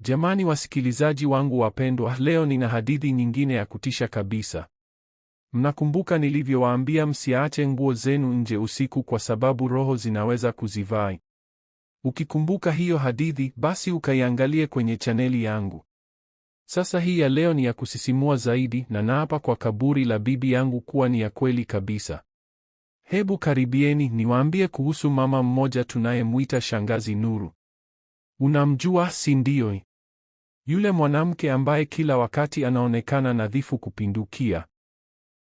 Jamani wasikilizaji wangu wapendwa, leo nina hadithi nyingine ya kutisha kabisa. Mnakumbuka nilivyowaambia msiache nguo zenu nje usiku kwa sababu roho zinaweza kuzivai? Ukikumbuka hiyo hadithi, basi ukaiangalie kwenye chaneli yangu. Sasa hii ya leo ni ya kusisimua zaidi, na naapa kwa kaburi la bibi yangu kuwa ni ya kweli kabisa. Hebu karibieni niwaambie kuhusu mama mmoja tunayemwita Shangazi Nuru. Unamjua, si ndio? Yule mwanamke ambaye kila wakati anaonekana nadhifu kupindukia.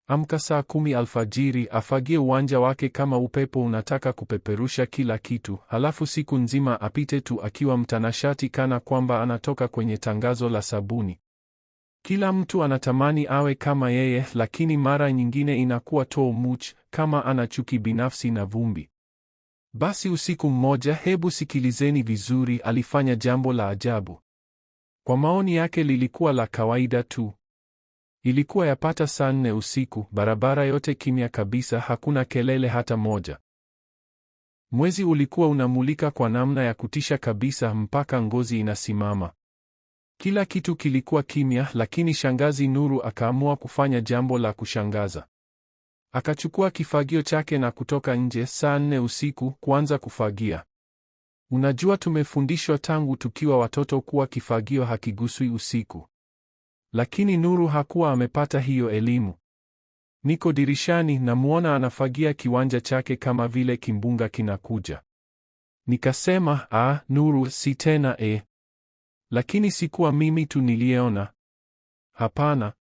Amka saa kumi alfajiri, afagie uwanja wake kama upepo unataka kupeperusha kila kitu, halafu siku nzima apite tu akiwa mtanashati kana kwamba anatoka kwenye tangazo la sabuni. Kila mtu anatamani awe kama yeye, lakini mara nyingine inakuwa too much, kama ana chuki binafsi na vumbi. Basi usiku mmoja, hebu sikilizeni vizuri, alifanya jambo la ajabu. Kwa maoni yake lilikuwa la kawaida tu. Ilikuwa yapata saa nne usiku, barabara yote kimya kabisa, hakuna kelele hata moja. Mwezi ulikuwa unamulika kwa namna ya kutisha kabisa mpaka ngozi inasimama. Kila kitu kilikuwa kimya, lakini shangazi Nuru akaamua kufanya jambo la kushangaza. Akachukua kifagio chake na kutoka nje saa nne usiku kuanza kufagia. Unajua, tumefundishwa tangu tukiwa watoto kuwa kifagio hakiguswi usiku, lakini Nuru hakuwa amepata hiyo elimu. Niko dirishani, namwona anafagia kiwanja chake kama vile kimbunga kinakuja. Nikasema, ah, Nuru, si tena e. Lakini sikuwa mimi tu niliyeona. Hapana,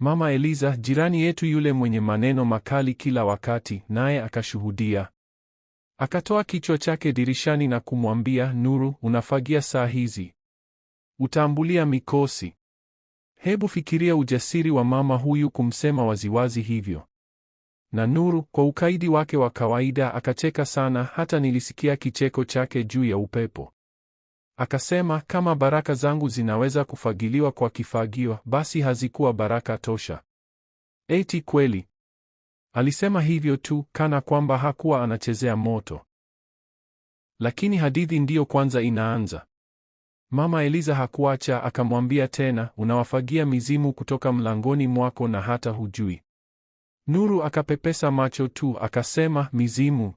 Mama Eliza, jirani yetu yule mwenye maneno makali kila wakati, naye akashuhudia. Akatoa kichwa chake dirishani na kumwambia Nuru, unafagia saa hizi, utaambulia mikosi. Hebu fikiria ujasiri wa mama huyu kumsema waziwazi hivyo. Na Nuru kwa ukaidi wake wa kawaida akacheka sana, hata nilisikia kicheko chake juu ya upepo. Akasema, kama baraka zangu zinaweza kufagiliwa kwa kifagio, basi hazikuwa baraka tosha. Eti kweli Alisema hivyo tu kana kwamba hakuwa anachezea moto. Lakini hadithi ndiyo kwanza inaanza. Mama Eliza hakuacha, akamwambia tena, unawafagia mizimu kutoka mlangoni mwako na hata hujui. Nuru akapepesa macho tu akasema, mizimu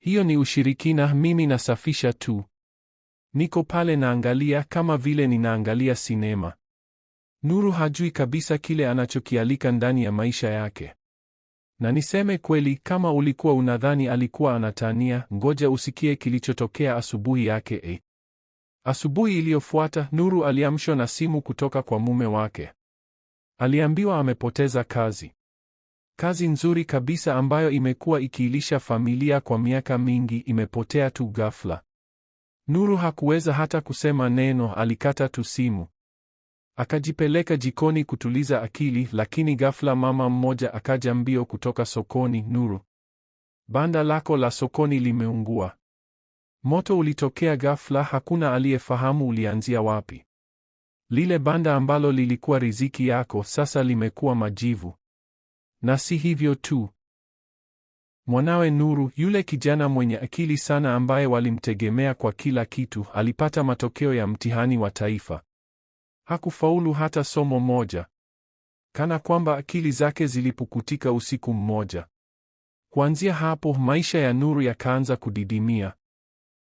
hiyo ni ushirikina, mimi nasafisha tu, niko pale naangalia kama vile ninaangalia sinema. Nuru hajui kabisa kile anachokialika ndani ya maisha yake. Na niseme kweli, kama ulikuwa unadhani alikuwa anatania, ngoja usikie kilichotokea asubuhi yake. e. asubuhi iliyofuata Nuru aliamshwa na simu kutoka kwa mume wake. Aliambiwa amepoteza kazi, kazi nzuri kabisa ambayo imekuwa ikiilisha familia kwa miaka mingi imepotea tu ghafla. Nuru hakuweza hata kusema neno, alikata tu simu. Akajipeleka jikoni kutuliza akili, lakini ghafla mama mmoja akaja mbio kutoka sokoni. Nuru, banda lako la sokoni limeungua. Moto ulitokea ghafla, hakuna aliyefahamu ulianzia wapi. Lile banda ambalo lilikuwa riziki yako sasa limekuwa majivu. Na si hivyo tu, mwanawe Nuru, yule kijana mwenye akili sana ambaye walimtegemea kwa kila kitu, alipata matokeo ya mtihani wa taifa. Hakufaulu hata somo moja, kana kwamba akili zake zilipukutika usiku mmoja. Kuanzia hapo maisha ya Nuru yakaanza kudidimia.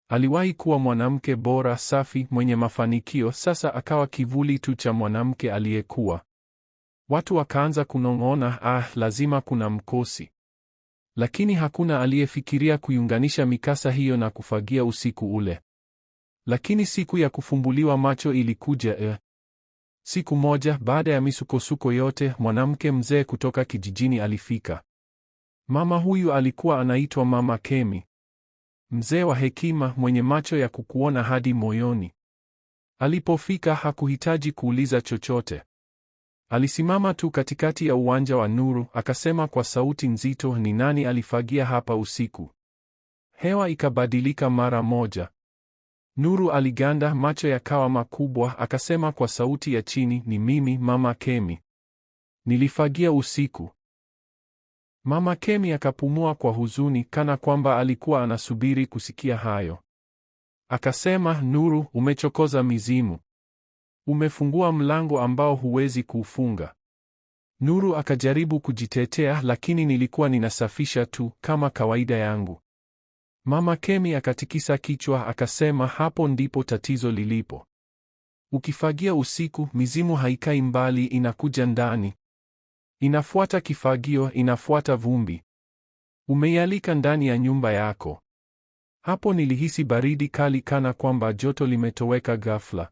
Aliwahi kuwa mwanamke bora, safi, mwenye mafanikio, sasa akawa kivuli tu cha mwanamke aliyekuwa. Watu wakaanza kunong'ona, ah, lazima kuna mkosi. Lakini hakuna aliyefikiria kuiunganisha mikasa hiyo na kufagia usiku ule. Lakini siku ya kufumbuliwa macho ilikuja. Eh, Siku moja baada ya misukosuko yote, mwanamke mzee kutoka kijijini alifika. Mama huyu alikuwa anaitwa Mama Kemi, mzee wa hekima mwenye macho ya kukuona hadi moyoni. Alipofika hakuhitaji kuuliza chochote. Alisimama tu katikati ya uwanja wa nuru, akasema kwa sauti nzito, ni nani alifagia hapa usiku? Hewa ikabadilika mara moja. Nuru aliganda, macho yakawa makubwa, akasema kwa sauti ya chini, ni mimi Mama Kemi, nilifagia usiku. Mama Kemi akapumua kwa huzuni, kana kwamba alikuwa anasubiri kusikia hayo. Akasema, Nuru, umechokoza mizimu, umefungua mlango ambao huwezi kuufunga. Nuru akajaribu kujitetea, lakini nilikuwa ninasafisha tu kama kawaida yangu. Mama Kemi akatikisa kichwa akasema, hapo ndipo tatizo lilipo. Ukifagia usiku, mizimu haikai mbali, inakuja ndani, inafuata kifagio, inafuata vumbi, umeialika ndani ya nyumba yako. Hapo nilihisi baridi kali, kana kwamba joto limetoweka ghafla.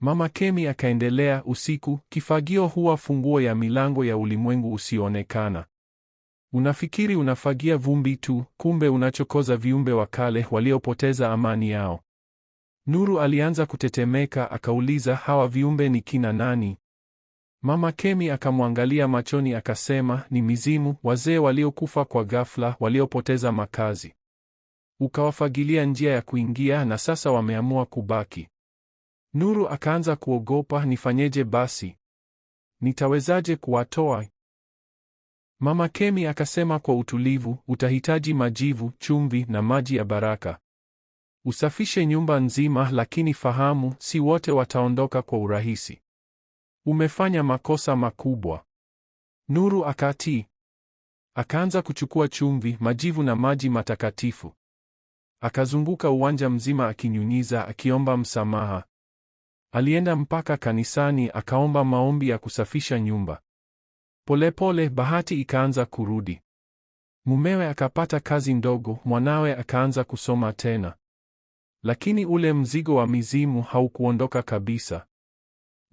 Mama Kemi akaendelea, usiku, kifagio huwa funguo ya milango ya ulimwengu usioonekana. Unafikiri unafagia vumbi tu, kumbe unachokoza viumbe wa kale waliopoteza amani yao. Nuru alianza kutetemeka, akauliza, hawa viumbe ni kina nani? Mama Kemi akamwangalia machoni akasema, ni mizimu, wazee waliokufa kwa ghafla, waliopoteza makazi. Ukawafagilia njia ya kuingia na sasa wameamua kubaki. Nuru akaanza kuogopa, nifanyeje basi? Nitawezaje kuwatoa? Mama Kemi akasema kwa utulivu, utahitaji majivu, chumvi na maji ya baraka. Usafishe nyumba nzima, lakini fahamu, si wote wataondoka kwa urahisi. Umefanya makosa makubwa. Nuru akatii. Akaanza kuchukua chumvi, majivu na maji matakatifu. Akazunguka uwanja mzima akinyunyiza, akiomba msamaha. Alienda mpaka kanisani akaomba maombi ya kusafisha nyumba. Polepole bahati ikaanza kurudi. Mumewe akapata kazi ndogo, mwanawe akaanza kusoma tena. Lakini ule mzigo wa mizimu haukuondoka kabisa.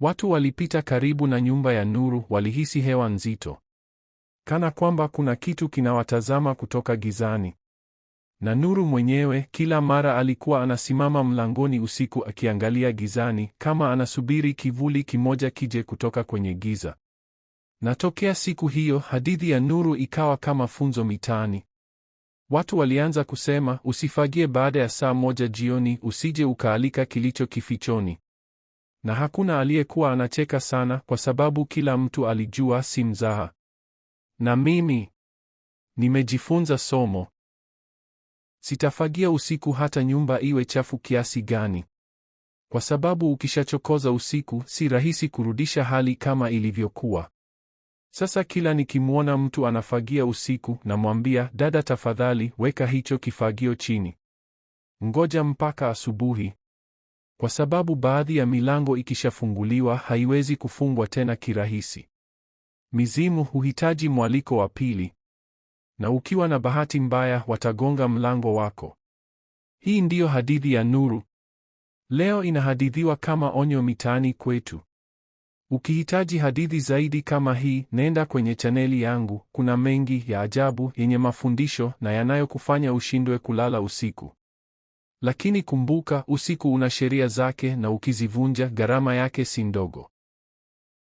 Watu walipita karibu na nyumba ya Nuru, walihisi hewa nzito, kana kwamba kuna kitu kinawatazama kutoka gizani. Na Nuru mwenyewe kila mara alikuwa anasimama mlangoni usiku akiangalia gizani, kama anasubiri kivuli kimoja kije kutoka kwenye giza. Na tokea siku hiyo hadithi ya Nuru ikawa kama funzo mitaani. Watu walianza kusema, usifagie baada ya saa moja jioni, usije ukaalika kilicho kifichoni. Na hakuna aliyekuwa anacheka sana, kwa sababu kila mtu alijua si mzaha. Na mimi nimejifunza somo. Sitafagia usiku hata nyumba iwe chafu kiasi gani, kwa sababu ukishachokoza usiku si rahisi kurudisha hali kama ilivyokuwa. Sasa kila nikimwona mtu anafagia usiku, namwambia dada, tafadhali weka hicho kifagio chini, ngoja mpaka asubuhi, kwa sababu baadhi ya milango ikishafunguliwa haiwezi kufungwa tena kirahisi. Mizimu huhitaji mwaliko wa pili, na ukiwa na bahati mbaya watagonga mlango wako. Hii ndiyo hadithi ya Nuru. Leo inahadithiwa kama onyo mitaani kwetu. Ukihitaji hadithi zaidi kama hii, nenda kwenye chaneli yangu. Kuna mengi ya ajabu yenye mafundisho na yanayokufanya ushindwe kulala usiku. Lakini kumbuka, usiku una sheria zake, na ukizivunja gharama yake si ndogo.